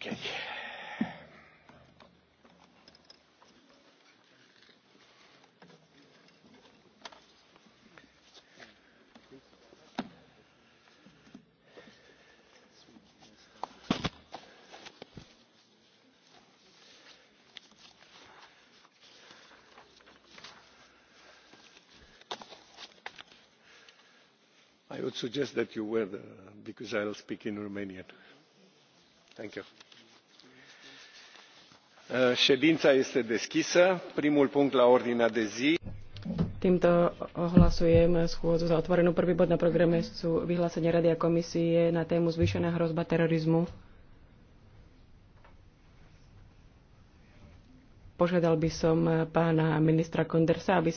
Okay. i would suggest that you wear the, uh, because i'll speak in romanian. Uh, ședința este deschisă. primul punct la ordinea de zi Týmto ohlasujem schôdzu za otvorenú. Prvý bod na programe sú vyhlásenie Rady a komisie na tému zvýšená hrozba terorizmu. Požiadal by som pána ministra Kondersa, aby